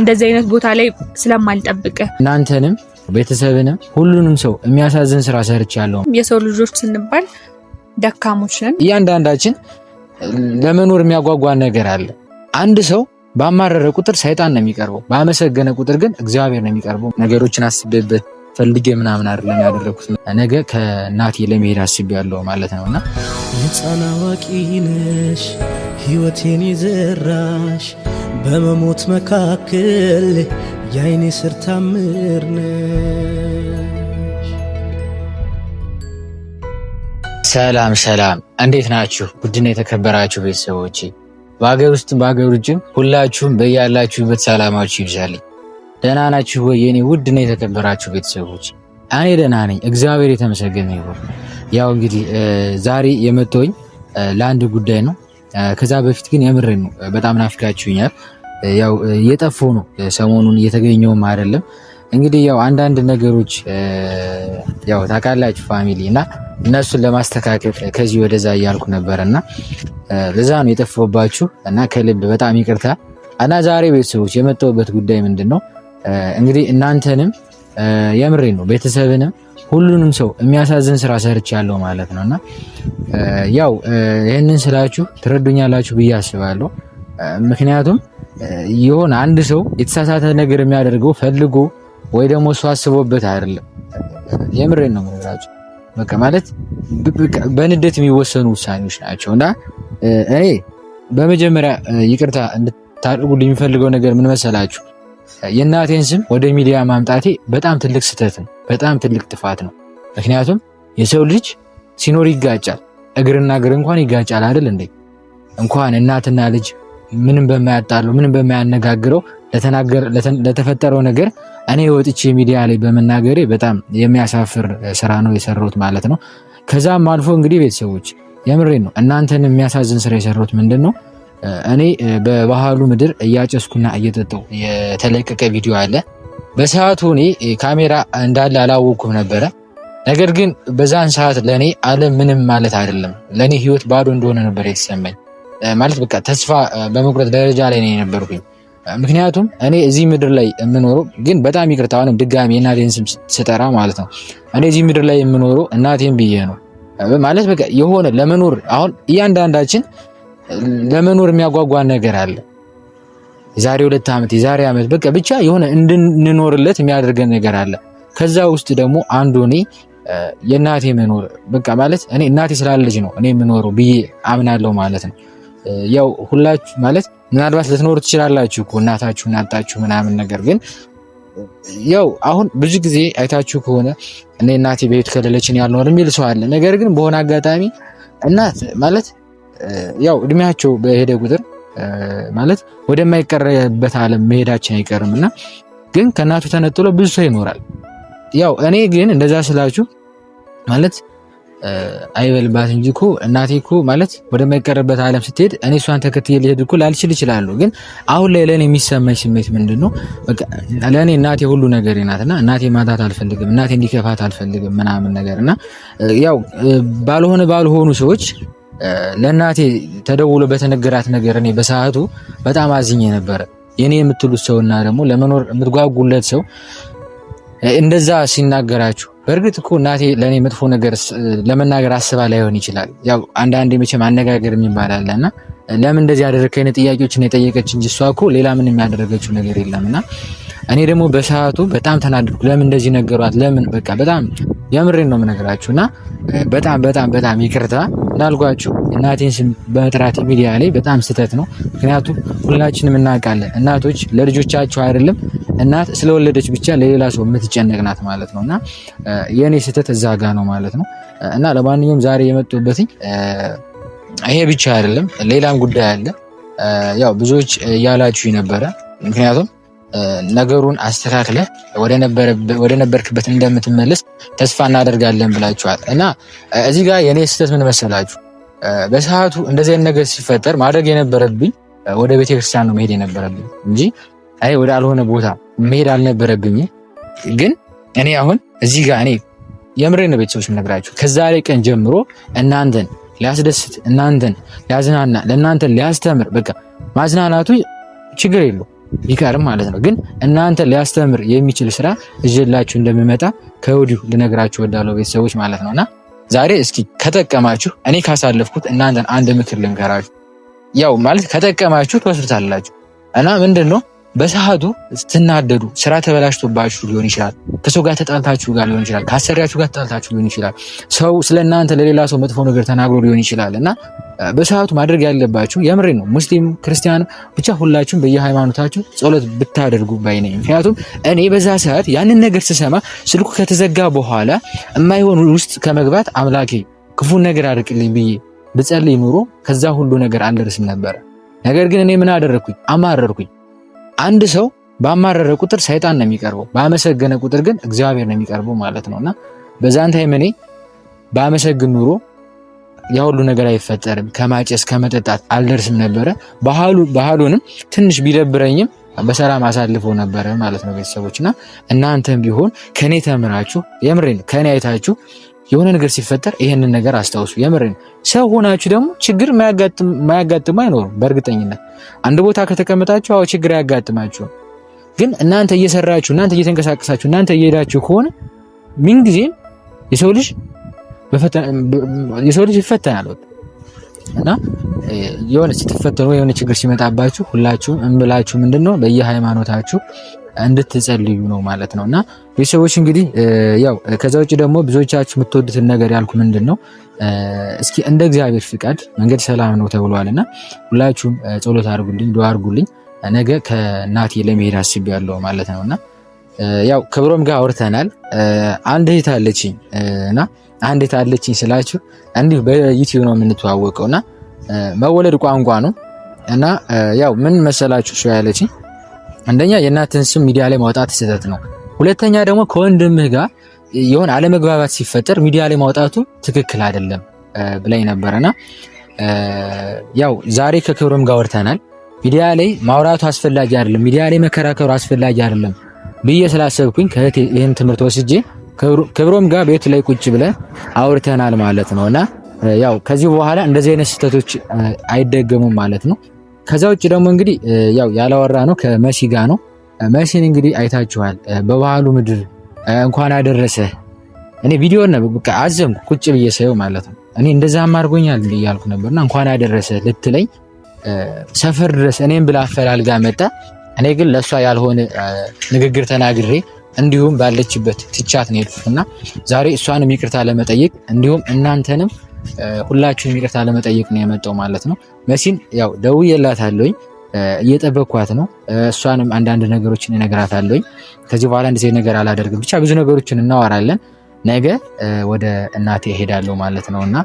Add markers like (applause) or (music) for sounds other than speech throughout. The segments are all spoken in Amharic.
እንደዚህ አይነት ቦታ ላይ ስለማልጠብቅ እናንተንም ቤተሰብንም ሁሉንም ሰው የሚያሳዝን ስራ ሰርቻለሁ። የሰው ልጆች ስንባል ደካሞች ነን። እያንዳንዳችን ለመኖር የሚያጓጓን ነገር አለ። አንድ ሰው ባማረረ ቁጥር ሰይጣን ነው የሚቀርበው፣ ባመሰገነ ቁጥር ግን እግዚአብሔር ነው የሚቀርበው። ነገሮችን አስቤበት ፈልጌ ምናምን አይደለም ያደረኩት። ነገ ከእናቴ ለመሄድ አስቤያለሁ ማለት ነው እና ሕፃን አዋቂ ነሽ ህይወቴን ይዘራሽ በመሞት መካከል የአይኔ ስር ታምር ነሽ። ሰላም ሰላም፣ እንዴት ናችሁ? ውድና የተከበራችሁ ቤተሰቦች በሀገር ውስጥም በሀገር ውጭም ሁላችሁም በያላችሁበት ሰላማችሁ ይብዛልኝ። ደህና ናችሁ ወይ የኔ ውድና የተከበራችሁ ቤተሰቦች? እኔ ደህና ነኝ፣ እግዚአብሔር የተመሰገነ ይሁን። ያው እንግዲህ ዛሬ የመጣሁኝ ለአንድ ጉዳይ ነው ከዛ በፊት ግን የምሬን ነው በጣም ናፍቃችሁኛል። ያው እየጠፎ ነው፣ ሰሞኑን እየተገኘውም አይደለም። እንግዲህ ያው አንዳንድ ነገሮች ያው ታውቃላችሁ ፋሚሊ እና እነሱን ለማስተካከል ከዚህ ወደዛ እያልኩ ነበር እና ለዛ ነው የጠፋሁባችሁ እና ከልብ በጣም ይቅርታ እና ዛሬ ቤተሰቦች የመጣሁበት ጉዳይ ምንድን ነው እንግዲህ እናንተንም የምሬ ነው። ቤተሰብንም ሁሉንም ሰው የሚያሳዝን ስራ ሰርች ያለው ማለት ነው እና ያው ይህንን ስላችሁ ትረዱኛላችሁ ብዬ አስባለሁ። ምክንያቱም የሆነ አንድ ሰው የተሳሳተ ነገር የሚያደርገው ፈልጎ ወይ ደግሞ እሱ አስቦበት አይደለም። የምሬን ነው የምነግራችሁ። በቃ ማለት በንደት የሚወሰኑ ውሳኔዎች ናቸው እና እኔ በመጀመሪያ ይቅርታ እንድታደርጉልኝ የሚፈልገው ነገር ምን መሰላችሁ? የእናቴን ስም ወደ ሚዲያ ማምጣቴ በጣም ትልቅ ስህተት ነው፣ በጣም ትልቅ ጥፋት ነው። ምክንያቱም የሰው ልጅ ሲኖር ይጋጫል፣ እግርና እግር እንኳን ይጋጫል አይደል እንዴ? እንኳን እናትና ልጅ ምንም በማያጣለው ምንም በማያነጋግረው ለተፈጠረው ነገር እኔ ወጥቼ ሚዲያ ላይ በመናገሬ በጣም የሚያሳፍር ስራ ነው የሰራሁት ማለት ነው። ከዛም አልፎ እንግዲህ ቤተሰቦች የምሬ ነው እናንተን የሚያሳዝን ስራ የሰራሁት ምንድን ነው እኔ በባህሉ ምድር እያጨስኩና እየጠጠው የተለቀቀ ቪዲዮ አለ። በሰዓቱ እኔ ካሜራ እንዳለ አላወኩም ነበረ። ነገር ግን በዛን ሰዓት ለእኔ ዓለም ምንም ማለት አይደለም፣ ለእኔ ህይወት ባዶ እንደሆነ ነበር የተሰማኝ። ማለት በቃ ተስፋ በመቁረጥ ደረጃ ላይ ነው የነበርኩኝ። ምክንያቱም እኔ እዚህ ምድር ላይ የምኖረው ግን በጣም ይቅርታ፣ አሁንም ድጋሚ እናቴን ስም ስጠራ ማለት ነው እኔ እዚህ ምድር ላይ የምኖረው እናቴን ብዬ ነው ማለት በቃ የሆነ ለመኖር አሁን እያንዳንዳችን ለመኖር የሚያጓጓን ነገር አለ። የዛሬ ሁለት ዓመት የዛሬ ዓመት በቃ ብቻ የሆነ እንድንኖርለት የሚያደርገን ነገር አለ። ከዛ ውስጥ ደግሞ አንዱ እኔ የእናቴ መኖር በቃ ማለት እኔ እናቴ ስላለች ነው እኔ የምኖረው ብዬ አምናለሁ ማለት ነው። ያው ሁላችሁ ማለት ምናልባት ልትኖሩ ትችላላችሁ እኮ እናታችሁን አጣችሁ ምናምን ነገር ግን ያው አሁን ብዙ ጊዜ አይታችሁ ከሆነ እኔ እናቴ በቤት ከሌለችን ያልኖር የሚል ሰው አለ። ነገር ግን በሆነ አጋጣሚ እናት ማለት ያው እድሜያቸው በሄደ ቁጥር ማለት ወደማይቀረበት ዓለም መሄዳችን አይቀርም እና ግን ከእናቱ ተነጥሎ ብዙ ሰው ይኖራል። ያው እኔ ግን እንደዛ ስላችሁ ማለት አይበልባት እንጂ እኮ እናቴ እኮ ማለት ወደማይቀርበት ዓለም ስትሄድ እኔ እሷን ተከትዬ ሊሄድ እኮ ላልችል እችላለሁ። ግን አሁን ላይ ለእኔ የሚሰማኝ ስሜት ምንድን ነው? ለእኔ እናቴ ሁሉ ነገር ናት እና እናቴ ማጣት አልፈልግም፣ እናቴ እንዲከፋት አልፈልግም ምናምን ነገር እና ያው ባልሆነ ባልሆኑ ሰዎች ለእናቴ ተደውሎ በተነገራት ነገር እኔ በሰዓቱ በጣም አዝኜ ነበረ። የኔ የምትሉት ሰው እና ደግሞ ለመኖር የምትጓጉለት ሰው እንደዛ ሲናገራችሁ በእርግጥ እኮ እናቴ ለእኔ መጥፎ ነገር ለመናገር አስባ ላይሆን ይችላል። ያው አንዳንዴ መቼም አነጋገር የሚባል አለ እና ለምን እንደዚህ ያደረግከኝ ጥያቄዎችን የጠየቀች እንጂ እሷ እኮ ሌላ ምን የሚያደረገችው ነገር የለም እና እኔ ደግሞ በሰዓቱ በጣም ተናደድኩ። ለምን እንደዚህ ነገሯት? ለምን በቃ በጣም የምሬን ነው የምነግራችሁ እና በጣም በጣም በጣም ይቅርታ እንዳልኳችሁ እናቴን ስም በመጥራት ሚዲያ ላይ በጣም ስህተት ነው። ምክንያቱም ሁላችንም እናውቃለን እናቶች ለልጆቻቸው አይደለም እናት ስለወለደች ብቻ ለሌላ ሰው የምትጨነቅ ናት ማለት ነው እና የእኔ ስህተት እዛ ጋ ነው ማለት ነው እና ለማንኛውም ዛሬ የመጡበትኝ ይሄ ብቻ አይደለም፣ ሌላም ጉዳይ አለ። ያው ብዙዎች እያላችሁ ነበረ ምክንያቱም ነገሩን አስተካክለ ወደ ነበርክበት እንደምትመለስ ተስፋ እናደርጋለን ብላችኋል። እና እዚህ ጋር የእኔ ስህተት ምን መሰላችሁ? በሰዓቱ እንደዚህ አይነት ነገር ሲፈጠር ማድረግ የነበረብኝ ወደ ቤተክርስቲያን ነው መሄድ የነበረብኝ እንጂ አይ ወደ አልሆነ ቦታ መሄድ አልነበረብኝ ግን እኔ አሁን እዚህ ጋር እኔ የምሬን ቤተሰቦች የምነግራችሁ ከዛሬ ቀን ጀምሮ እናንተን ሊያስደስት እናንተን ሊያዝናና ለእናንተን ሊያስተምር በቃ ማዝናናቱ ችግር የለው ቢቀርም ማለት ነው። ግን እናንተ ሊያስተምር የሚችል ስራ እጅላችሁ እንደሚመጣ ከወዲሁ ልነግራችሁ ወዳለው ቤተሰቦች ማለት ነውና ዛሬ እስኪ ከጠቀማችሁ እኔ ካሳለፍኩት እናንተን አንድ ምክር ልንገራችሁ። ያው ማለት ከጠቀማችሁ ትወስዱታላችሁ እና ምንድን ነው በሰዓቱ ስትናደዱ ስራ ተበላሽቶባችሁ ሊሆን ይችላል። ከሰው ጋር ተጣልታችሁ ጋር ሊሆን ይችላል። ከአሰሪያችሁ ጋር ተጣልታችሁ ሊሆን ይችላል። ሰው ስለ እናንተ ለሌላ ሰው መጥፎ ነገር ተናግሮ ሊሆን ይችላል እና በሰዓቱ ማድረግ ያለባችሁ የምሬ ነው። ሙስሊም ክርስቲያን፣ ብቻ ሁላችሁም በየሃይማኖታችሁ ጸሎት ብታደርጉ ባይ ነኝ። ምክንያቱም እኔ በዛ ሰዓት ያንን ነገር ስሰማ ስልኩ ከተዘጋ በኋላ የማይሆን ውስጥ ከመግባት አምላኬ ክፉን ነገር አድርቅልኝ ብዬ ብጸልይ ኑሮ ከዛ ሁሉ ነገር አልደርስም ነበረ። ነገር ግን እኔ ምን አደረግኩኝ? አማረርኩኝ አንድ ሰው ባማረረ ቁጥር ሰይጣን ነው የሚቀርበው፣ ባመሰገነ ቁጥር ግን እግዚአብሔር ነው የሚቀርበው ማለት ነው። እና በዛን ታይም እኔ ባመሰግን ኑሮ ያ ሁሉ ነገር አይፈጠርም፣ ከማጨስ ከመጠጣት አልደርስም ነበረ። ባህሉንም ትንሽ ቢደብረኝም በሰላም አሳልፎ ነበረ ማለት ነው። ቤተሰቦች እና እናንተም ቢሆን ከኔ ተምራችሁ የምሬን ከኔ አይታችሁ የሆነ ነገር ሲፈጠር ይህንን ነገር አስታውሱ። የምሬን ሰው ሆናችሁ ደግሞ ችግር ማያጋጥሙ አይኖሩም። በእርግጠኝነት አንድ ቦታ ከተቀመጣችሁ አዎ ችግር አያጋጥማችሁም። ግን እናንተ እየሰራችሁ፣ እናንተ እየተንቀሳቀሳችሁ፣ እናንተ እየሄዳችሁ ከሆነ ምንጊዜም የሰው ልጅ ይፈተናል። እና የሆነ ስትፈተኑ የሆነ ችግር ሲመጣባችሁ ሁላችሁም እምላችሁ ምንድን ነው በየሃይማኖታችሁ እንድትጸልዩ ነው ማለት ነው። እና ቤተሰቦች እንግዲህ ያው ከዛ ውጭ ደግሞ ብዙዎቻችሁ የምትወዱትን ነገር ያልኩ ምንድን ነው እስኪ እንደ እግዚአብሔር ፍቃድ መንገድ ሰላም ነው ተብሏል። እና ሁላችሁም ጸሎት አድርጉልኝ፣ ዱዓ አድርጉልኝ። ነገ ከእናቴ ለመሄድ አስቤያለሁ ማለት ነው። እና ያው ክብሮም ጋር አውርተናል። አንድ እህት አለችኝ እና አንዴት አለችኝ ስላችሁ እንዲሁ በዩቲዩብ ነው የምንተዋወቀው እና መወለድ ቋንቋ ነው እና ያው ምን መሰላችሁ እሷ ያለችኝ አንደኛ የእናትን ስም ሚዲያ ላይ ማውጣት ስህተት ነው። ሁለተኛ ደግሞ ከወንድምህ ጋር የሆነ አለመግባባት ሲፈጠር ሚዲያ ላይ ማውጣቱ ትክክል አይደለም ብላኝ ነበረና ያው ዛሬ ከክብርም ጋር ወርተናል። ሚዲያ ላይ ማውራቱ አስፈላጊ አይደለም፣ ሚዲያ ላይ መከራከሩ አስፈላጊ አይደለም ብዬ ስላሰብኩኝ ከእህቴ ይህን ትምህርት ወስጄ ክብሮም ጋር ቤት ላይ ቁጭ ብለን አውርተናል ማለት ነው እና ያው ከዚህ በኋላ እንደዚህ አይነት ስህተቶች አይደገሙም ማለት ነው። ከዛ ውጭ ደግሞ እንግዲህ ያው ያላወራ ነው ከመሲ ጋር ነው። መሲን እንግዲህ አይታችኋል። በባህሉ ምድር እንኳን አደረሰ እኔ ቪዲዮ በቃ አዘም ቁጭ ብዬ ሳየው ማለት ነው እኔ እንደዛም አድርጎኛል እያልኩ ነበርና እንኳን አደረሰ ልትለኝ ሰፈር ድረስ እኔም ብላ አፈላልጋ መጣ። እኔ ግን ለእሷ ያልሆነ ንግግር ተናግሬ እንዲሁም ባለችበት ትቻት ነው የሄድኩት እና ዛሬ እሷንም ይቅርታ ለመጠየቅ እንዲሁም እናንተንም ሁላችሁንም ይቅርታ ለመጠየቅ ነው የመጣው ማለት ነው። መሲን ያው ደውዬላታለሁኝ እየጠበኳት ነው። እሷንም አንዳንድ ነገሮችን እነግራታለሁኝ። ከዚህ በኋላ እንደዚህ ነገር አላደርግም፣ ብቻ ብዙ ነገሮችን እናወራለን። ነገ ወደ እናቴ እሄዳለሁ ማለት ነው እና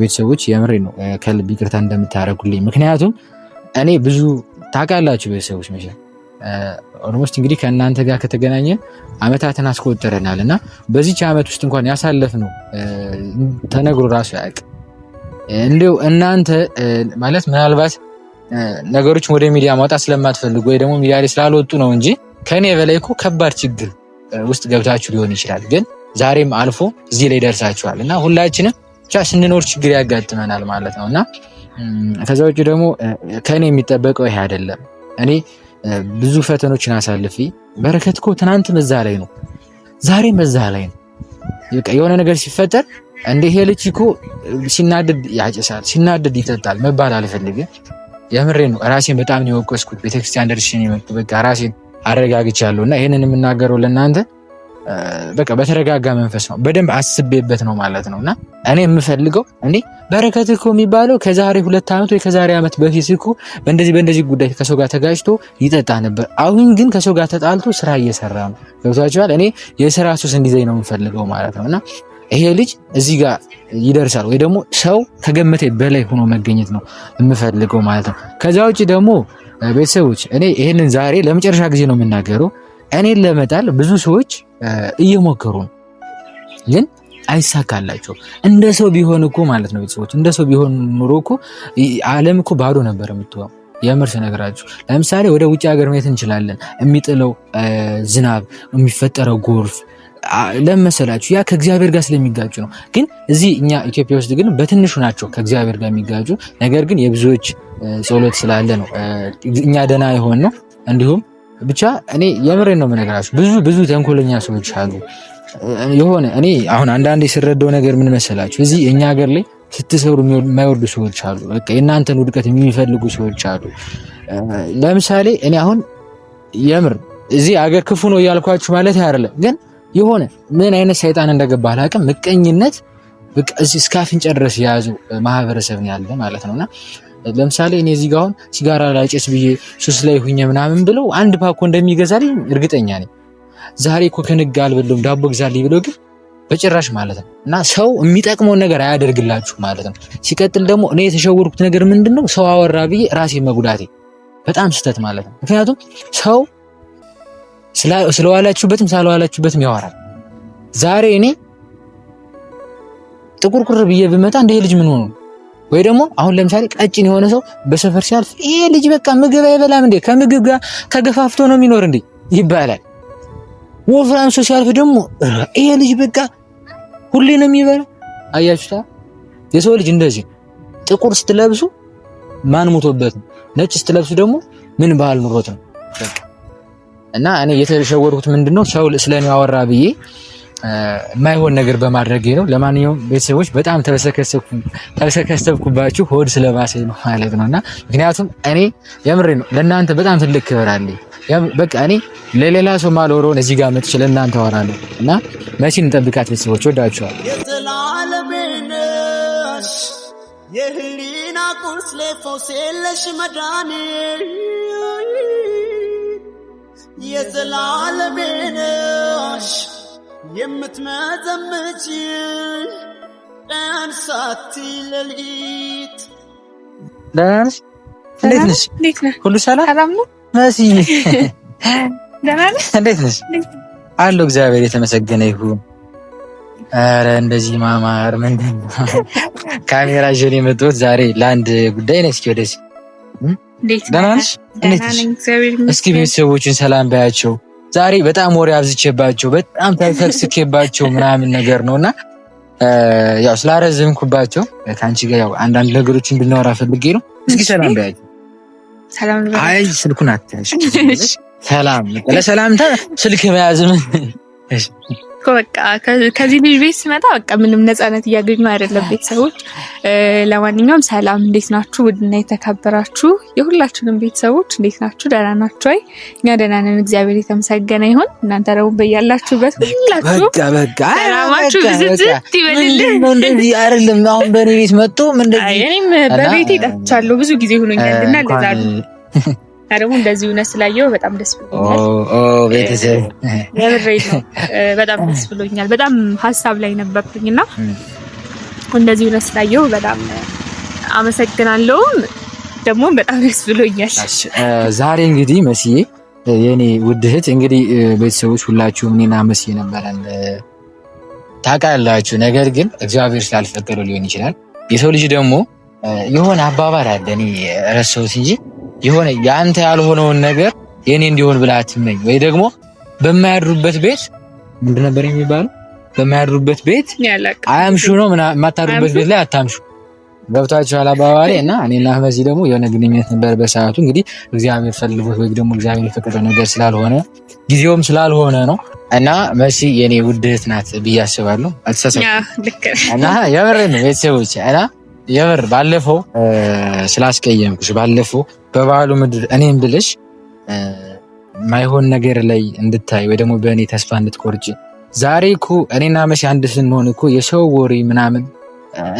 ቤተሰቦች የምሬ ነው ከልብ ይቅርታ እንደምታደርጉልኝ ምክንያቱም እኔ ብዙ ታውቃላችሁ ቤተሰቦች መቼም ኦልሞስት እንግዲህ ከእናንተ ጋር ከተገናኘን አመታትን አስቆጥረናል እና በዚች አመት ውስጥ እንኳን ያሳለፍ ነው ተነግሮ ራሱ ያቅ እንዲሁ እናንተ ማለት ምናልባት ነገሮችን ወደ ሚዲያ ማውጣት ስለማትፈልጉ ወይ ደግሞ ሚዲያ ላይ ስላልወጡ ነው እንጂ ከእኔ በላይ እኮ ከባድ ችግር ውስጥ ገብታችሁ ሊሆን ይችላል። ግን ዛሬም አልፎ እዚህ ላይ ደርሳችኋል እና ሁላችንም ብቻ ስንኖር ችግር ያጋጥመናል ማለት ነው እና ከዛ ውጭ ደግሞ ከእኔ የሚጠበቀው ይሄ አይደለም እኔ ብዙ ፈተኖችን አሳልፊ በረከት እኮ ትናንት መዛ ላይ ነው፣ ዛሬ መዛ ላይ ነው። የሆነ ነገር ሲፈጠር እንደ ይሄ ልጅ እኮ ሲናደድ ያጨሳል፣ ሲናደድ ይጠጣል መባል አልፈልግም። የምሬ ነው። ራሴን በጣም ነው የወቀስኩት። ቤተክርስቲያን ደርሽን የመጡ በቃ ራሴን አረጋግቻለሁ እና ይህንን የምናገረው ለእናንተ በቃ በተረጋጋ መንፈስ ነው፣ በደንብ አስቤበት ነው ማለት ነው። እና እኔ የምፈልገው እንዴ በረከት እኮ የሚባለው ከዛሬ ሁለት ዓመት ወይ ከዛሬ ዓመት በፊት እኮ በእንደዚህ በእንደዚህ ጉዳይ ከሰው ጋር ተጋጭቶ ይጠጣ ነበር፣ አሁን ግን ከሰው ጋር ተጣልቶ ስራ እየሰራ ነው። ገብቷችኋል? እኔ የስራ ሱስ እንዲዘኝ ነው የምፈልገው ማለት ነው እና ይሄ ልጅ እዚህ ጋር ይደርሳል ወይ ደግሞ ሰው ከገመቴ በላይ ሆኖ መገኘት ነው የምፈልገው ማለት ነው። ከዛ ውጭ ደግሞ ቤተሰቦች እኔ ይህንን ዛሬ ለመጨረሻ ጊዜ ነው የምናገረው። እኔን ለመጣል ብዙ ሰዎች እየሞከሩ ነው፣ ግን አይሳካላቸው። እንደ ሰው ቢሆን እኮ ማለት ነው ቤተሰቦች፣ እንደ ሰው ቢሆን ኑሮ እኮ ዓለም እኮ ባዶ ነበር የምትሆነው። የምር ስነግራችሁ ለምሳሌ ወደ ውጭ ሀገር መሄድ እንችላለን። የሚጥለው ዝናብ፣ የሚፈጠረው ጎርፍ ለመሰላችሁ ያ ከእግዚአብሔር ጋር ስለሚጋጩ ነው። ግን እዚህ እኛ ኢትዮጵያ ውስጥ ግን በትንሹ ናቸው ከእግዚአብሔር ጋር የሚጋጩ ነገር ግን የብዙዎች ጸሎት ስላለ ነው እኛ ደህና የሆን ነው እንዲሁም ብቻ እኔ የምሬን ነው የምነግራችሁ። ብዙ ብዙ ተንኮለኛ ሰዎች አሉ። የሆነ እኔ አሁን አንዳንዴ ስረዳው ነገር ምን መሰላችሁ፣ እዚህ እኛ ሀገር ላይ ስትሰሩ የማይወዱ ሰዎች አሉ። በቃ የእናንተን ውድቀት የሚፈልጉ ሰዎች አሉ። ለምሳሌ እኔ አሁን የምር እዚህ አገር ክፉ ነው እያልኳችሁ ማለት አይደለም፣ ግን የሆነ ምን አይነት ሰይጣን እንደገባ አላውቅም። ምቀኝነት በቃ እዚህ እስከ አፍንጫ ድረስ የያዙ ማህበረሰብ ነው ያለ ማለት ነውና ለምሳሌ እኔ እዚህ ጋር አሁን ሲጋራ ጭስ ብዬ ሱስ ላይ ሁኜ ምናምን ብለው አንድ ፓኮ እንደሚገዛልኝ እርግጠኛ ነኝ። ዛሬ እኮ ከንግ አልበለውም ዳቦ ግዛልኝ ብለው ግን በጭራሽ ማለት ነው። እና ሰው የሚጠቅመውን ነገር አያደርግላችሁ ማለት ነው። ሲቀጥል ደግሞ እኔ የተሸወርኩት ነገር ምንድን ነው? ሰው አወራ ብዬ ራሴ መጉዳቴ በጣም ስህተት ማለት ነው። ምክንያቱም ሰው ስለዋላችሁበትም ሳልዋላችሁበትም ያወራል። ዛሬ እኔ ጥቁር ቁር ብዬ ብመጣ እንደ ልጅ ምን ሆኑ ወይ ደግሞ አሁን ለምሳሌ ቀጭን የሆነ ሰው በሰፈር ሲያልፍ ይሄ ልጅ በቃ ምግብ አይበላም እንዴ? ከምግብ ጋር ተገፋፍቶ ነው የሚኖር እንዴ? ይባላል። ወፍራም ሰው ሲያልፍ ደግሞ ይሄ ልጅ በቃ ሁሌ ነው የሚበላ። አያችሁታ? የሰው ልጅ እንደዚህ ጥቁር ስትለብሱ ማን ሙቶበት ነው? ነጭ ስትለብሱ ደግሞ ምን ባህል ኑሮት ነው? እና እኔ የተሸወድኩት ምንድነው ሰው ስለኔ አወራ ብዬ የማይሆን ነገር በማድረግ ነው። ለማንኛውም ቤተሰቦች በጣም ተልሰከሰብኩባችሁ ሆድ ስለባሴ ነው ማለት ነው። እና ምክንያቱም እኔ የምሬ ነው ለእናንተ በጣም ትልቅ ክብር አለ። በቃ እኔ ለሌላ ሰው ማልወረውን እዚህ ጋር መጥቼ ለእናንተ ወራለሁ እና መሲን እንጠብቃት ቤተሰቦች፣ ወዳችኋል። የህሊና ቁስሌ ፎሴለሽ መዳኔ የዘላለሜ ነሽ የምትመዘምች ቀን ሳትለሊት ደህና ነሽ? እንዴት ነሽ? ሁሉ ሰላም ነው? (laughs) እንዴት ነሽ? አለሁ እግዚአብሔር የተመሰገነ ይሁን። ኧረ እንደዚህ ማማር ምንድን ነው? የመጣሁት ዛሬ ለአንድ ጉዳይ ነው። እስኪ ወደዚህ ደህና ነሽ? እስኪ ቤተሰቦችን ሰላም በያቸው ዛሬ በጣም ወሬ አብዝቼባቸው በጣም ተሰክስኬባቸው ምናምን ነገር ነው እና ያው ስላረዘምኩባቸው ከአንቺ ጋር ያው አንዳንድ ነገሮች እንድናወራ ፈልጌ ነው። እስኪ ሰላም በያቸው። አይ ስልኩን አትያዥ። ሰላም ለሰላምታ ስልክ መያዝም በቃ ከዚህ ልጅ ቤት ስመጣ በቃ ምንም ነፃነት እያገኙ አይደለም ቤተሰቦች። ለማንኛውም ሰላም፣ እንዴት ናችሁ? ውድና የተከበራችሁ የሁላችንም ቤተሰቦች እንዴት ናችሁ? ደህና ናችሁ? አይ እኛ ደህና ነን፣ እግዚአብሔር የተመሰገነ ይሁን። እናንተ ደግሞ በያላችሁበት ሁላችሁ በቃ ሰላማችሁ ብዝት ይበልልን። አይደለም አሁን በእኔ ቤት መጥቶ እኔም በቤቴ ጠፍቻለሁ ብዙ ጊዜ ሆኖኛል እና እና ደግሞ እንደዚህ እውነት ስላየው በጣም ደስ ብሎኛል። ቤተሰብ የምሬ ነው። በጣም ደስ ብሎኛል። በጣም ሀሳብ ላይ ነበርኩኝ እና እንደዚህ እውነት ስላየው በጣም አመሰግናለሁም ደግሞ በጣም ደስ ብሎኛል። ዛሬ እንግዲህ መስዬ የኔ ውድ እህት እንግዲህ ቤተሰቦች ሁላችሁም እኔና መስዬ ነበረን ታውቃላችሁ። ነገር ግን እግዚአብሔር ስላልፈቀደው ሊሆን ይችላል። የሰው ልጅ ደግሞ የሆነ አባባል አለ እኔ ረሳሁት እንጂ የሆነ የአንተ ያልሆነውን ነገር የእኔ እንዲሆን ብላ አትመኝ። ወይ ደግሞ በማያድሩበት ቤት ምንድን ነበር የሚባለው? በማያድሩበት ቤት አያምሹ ነው። የማታድሩበት ቤት ላይ አታምሹ። ገብቷችኋል አባባሌ። እና እኔና መዚህ ደግሞ የሆነ ግንኙነት ነበር በሰዓቱ። እንግዲህ እግዚአብሔር ፈልጎት ወይ ደግሞ እግዚአብሔር የፈቀደው ነገር ስላልሆነ ጊዜውም ስላልሆነ ነው። እና መሲ የኔ ውድ እህት ናት ብዬ አስባለሁ። አልተሳሳትኩም። እና የምሬን ነው ቤተሰቦች እና የበር ባለፈው ስላስቀየምኩሽ ባለፈው በበዓሉ ምድር እኔም ብልሽ ማይሆን ነገር ላይ እንድታይ ወይ ደግሞ በእኔ ተስፋ እንድትቆርጭ ዛሬ እኮ እኔና መሲ አንድ ስንሆን እኮ የሰው ወሬ ምናምን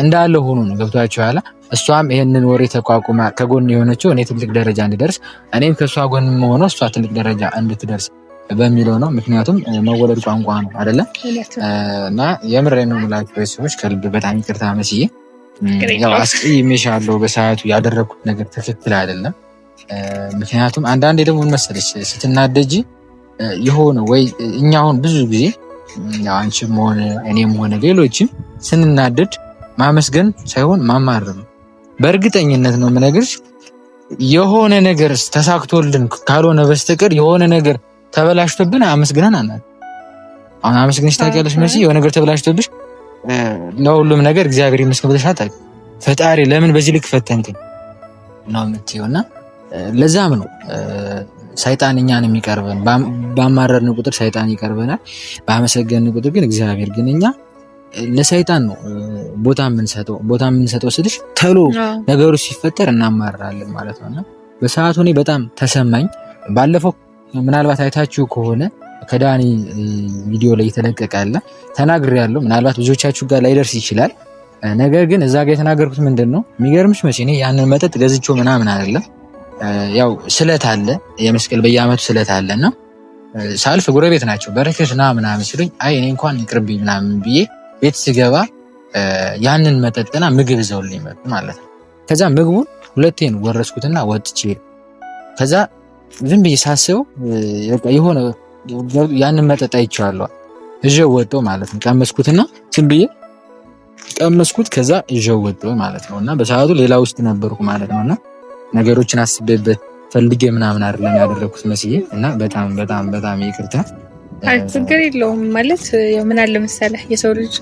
እንዳለ ሆኖ ነው ገብቷቸው ኋላ እሷም ይህንን ወሬ ተቋቁማ ከጎን የሆነችው እኔ ትልቅ ደረጃ እንድደርስ እኔም ከእሷ ጎን መሆኖ እሷ ትልቅ ደረጃ እንድትደርስ በሚለው ነው። ምክንያቱም መወለድ ቋንቋ ነው አደለም? እና የምር ነው የምላቸው ቤተሰቦች ከልብ በጣም ይቅርታ መስዬ ያው አስቀይሜሻለሁ፣ በሰዓቱ ያደረኩት ነገር ትክክል አይደለም። ምክንያቱም አንዳንዴ ደግሞ መሰለች ስትናደጂ የሆነ ወይ እኛ አሁን ብዙ ጊዜ አንቺም ሆነ እኔም ሆነ ሌሎችም ስንናደድ ማመስገን ሳይሆን ማማረም በእርግጠኝነት ነው የምነግርሽ የሆነ ነገር ተሳክቶልን ካልሆነ በስተቀር የሆነ ነገር ተበላሽቶብን አመስግነን አናል። አሁን አመስግነሽ ታውቂያለሽ መሲ? የሆነ ነገር ተበላሽቶብሽ ለሁሉም ነገር እግዚአብሔር ይመስገን ብለሽ ፈጣሪ ለምን በዚህ ልክ ፈተንከኝ ነው የምትይው እና ለዛም ነው ሰይጣን እኛን የሚቀርበን። ባማረርን ቁጥር ሰይጣን ይቀርበናል፣ ባመሰገንን ቁጥር ግን እግዚአብሔር ግን እኛ ለሰይጣን ነው ቦታ የምንሰጠው። ቦታ የምንሰጠው ስልሽ ተሎ ነገሩ ሲፈጠር እናማራለን ማለት ነው እና በሰዓቱ እኔ በጣም ተሰማኝ። ባለፈው ምናልባት አይታችሁ ከሆነ ከዳኒ ቪዲዮ ላይ የተለቀቀ ያለ ተናግሬ ያለው ምናልባት ብዙዎቻችሁ ጋር ላይደርስ ይችላል። ነገር ግን እዛ ጋር የተናገርኩት ምንድን ነው የሚገርምሽ መቼ እኔ ያንን መጠጥ ገዝቼው ምናምን አይደለም። ያው ስለት አለ የመስቀል በየአመቱ ስለት አለ እና ሳልፍ ጎረቤት ናቸው በረከት ና ምናምን ሲሉኝ አይ እኔ እንኳን ቅርብ ምናምን ብዬ ቤት ስገባ ያንን መጠጥና ምግብ ይዘውልኝ መጡ ማለት ነው። ከዛ ምግቡን ሁለቴን ወረስኩትና ወጥቼ ከዛ ዝም ብዬ ሳስበው የሆነ ያንን መጠጥ አይቼዋለሁ። እዥው ወጦ ማለት ነው። ቀመስኩትና ዝም ብዬ ቀመስኩት። ከዛ እዥው ወጦ ማለት ነው። እና በሰዓቱ ሌላ ውስጥ ነበርኩ ማለት ነው። እና ነገሮችን አስቤበት ፈልጌ ምናምን አይደለም ያደረኩት መስዬ እና በጣም በጣም በጣም ይቅርታ። ችግር የለውም ማለት ምን አለ መሰለህ የሰው ልጅ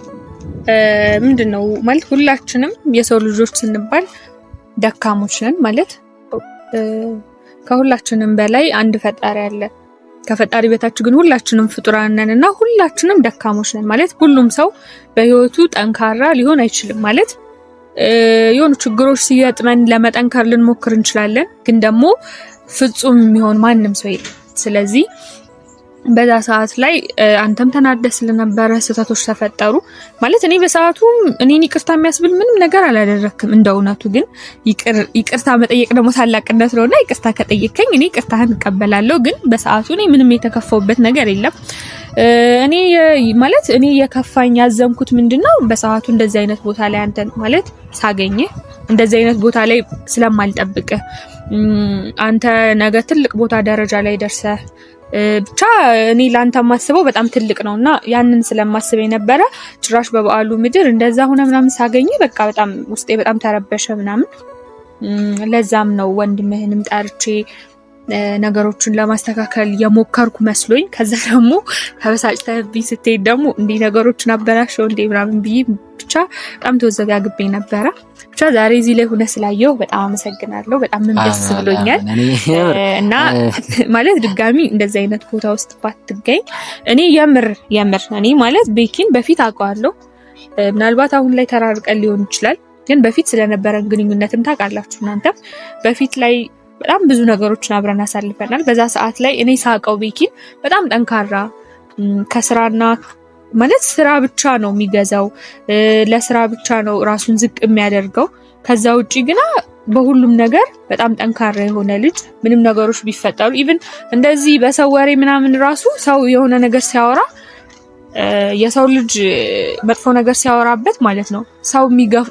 ምንድን ነው ማለት ሁላችንም የሰው ልጆች ስንባል ደካሞች ነን ማለት ከሁላችንም በላይ አንድ ፈጣሪ አለ። ከፈጣሪ በታች ግን ሁላችንም ፍጡራን ነን እና ሁላችንም ደካሞች ነን ማለት ሁሉም ሰው በህይወቱ ጠንካራ ሊሆን አይችልም ማለት የሆኑ ችግሮች ሲገጥመን ለመጠንከር ልንሞክር እንችላለን፣ ግን ደግሞ ፍጹም የሚሆን ማንም ሰው የለም። ስለዚህ በዛ ሰዓት ላይ አንተም ተናደ ስለነበረ ስህተቶች ተፈጠሩ። ማለት እኔ በሰዓቱ እኔን ይቅርታ የሚያስብል ምንም ነገር አላደረክም። እንደ እውነቱ ግን ይቅርታ መጠየቅ ደግሞ ታላቅነት ነውና ይቅርታ ከጠየከኝ እኔ ይቅርታህን እቀበላለሁ። ግን በሰዓቱ እኔ ምንም የተከፈውበት ነገር የለም። እኔ ማለት እኔ የከፋኝ ያዘንኩት ምንድነው በሰዓቱ እንደዚህ አይነት ቦታ ላይ አንተን ማለት ሳገኘህ እንደዚህ አይነት ቦታ ላይ ስለማልጠብቅህ አንተ ነገ ትልቅ ቦታ ደረጃ ላይ ደርሰህ ብቻ እኔ ለአንተ ማስበው በጣም ትልቅ ነው እና ያንን ስለማስብ የነበረ ጭራሽ በበዓሉ ምድር እንደዛ ሆነ ምናምን ሳገኝ በቃ በጣም ውስጤ በጣም ተረበሸ ምናምን። ለዛም ነው ወንድምህንም ጠርቼ ነገሮችን ለማስተካከል የሞከርኩ መስሎኝ ከዛ ደግሞ ተበሳጭተብኝ ስትሄድ ደግሞ እንዲህ ነገሮችን አበላሸው እንዴ ምናምን ብዬ ብቻ በጣም ተወዘጋግቤ ነበረ። ብቻ ዛሬ እዚህ ላይ ሆነ ስላየው በጣም አመሰግናለሁ። በጣም ደስ ብሎኛል እና (laughs) ማለት ድጋሚ እንደዚህ አይነት ቦታ ውስጥ ባትገኝ እኔ የምር የምር እኔ ማለት ቤኪን በፊት አውቀዋለሁ። ምናልባት አሁን ላይ ተራርቀን ሊሆን ይችላል፣ ግን በፊት ስለነበረን ግንኙነትም ታውቃላችሁ እናንተም በፊት ላይ በጣም ብዙ ነገሮችን አብረን አሳልፈናል። በዛ ሰዓት ላይ እኔ ሳቀው ቤኪን በጣም ጠንካራ ከስራና ማለት ስራ ብቻ ነው የሚገዛው፣ ለስራ ብቻ ነው ራሱን ዝቅ የሚያደርገው። ከዛ ውጭ ግና በሁሉም ነገር በጣም ጠንካራ የሆነ ልጅ ምንም ነገሮች ቢፈጠሩ ኢቭን እንደዚህ በሰው ወሬ ምናምን ራሱ ሰው የሆነ ነገር ሲያወራ የሰው ልጅ መጥፎ ነገር ሲያወራበት ማለት ነው ሰው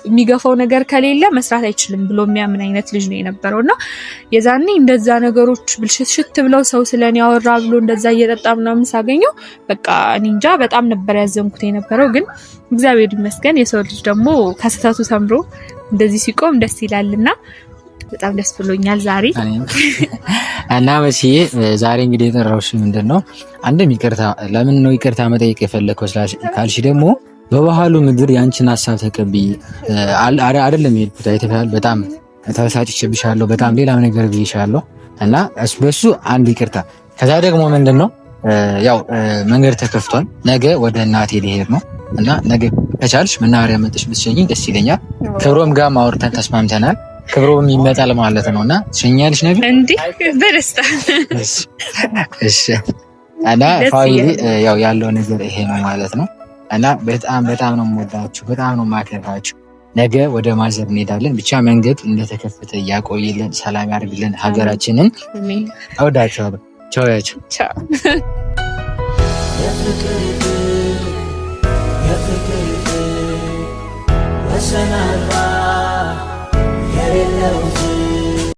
የሚገፋው ነገር ከሌለ መስራት አይችልም ብሎ የሚያምን አይነት ልጅ ነው የነበረው እና የዛኔ እንደዛ ነገሮች ብልሽትሽት ብለው ሰው ስለኔ ያወራ ብሎ እንደዛ እየጠጣ ምናምን ሳገኘው በቃ እኔ እንጃ በጣም ነበር ያዘንኩት የነበረው። ግን እግዚአብሔር ይመስገን የሰው ልጅ ደግሞ ከስህተቱ ተምሮ እንደዚህ ሲቆም ደስ ይላልና በጣም ደስ ብሎኛል ዛሬ (laughs) እና መሲዬ፣ ዛሬ እንግዲህ የጠራሁሽ ምንድን ነው አንድም ይቅርታ ለምን ነው ይቅርታ መጠየቅ የፈለግከው ካልሽ ደግሞ በባህሉ ምድር ያንቺን ሀሳብ ተቀብዬ አይደለም የሄድኩት። አይተሻል፣ በጣም ተበሳጭቼብሻለሁ፣ በጣም ሌላም ነገር ብዬሻለሁ እና በሱ አንድ ይቅርታ። ከዛ ደግሞ ምንድን ነው ያው መንገድ ተከፍቷል። ነገ ወደ እናቴ ሊሄድ ነው እና ነገ ከቻልሽ መናኸሪያ መጠሽ ብትሸኝኝ ደስ ይለኛል። ክብሮም ጋር ማውርተን ተስማምተናል። ክብሮም ይመጣል ማለት ነው እና ትሸኛለሽ ነገር እንዴ? በደስታ እሺ። እና ፋሚሊ ያው ያለው ነገር ይሄ ነው ማለት ነው። እና በጣም በጣም ነው የምወዳችሁ፣ በጣም ነው የማከብራችሁ። ነገ ወደ ማዘር እንሄዳለን። ብቻ መንገድ እንደተከፈተ እያቆይልን፣ ሰላም ያድርግልን ሀገራችንን። እወዳችኋለሁ። ቻው ያቸው ቻው pillows.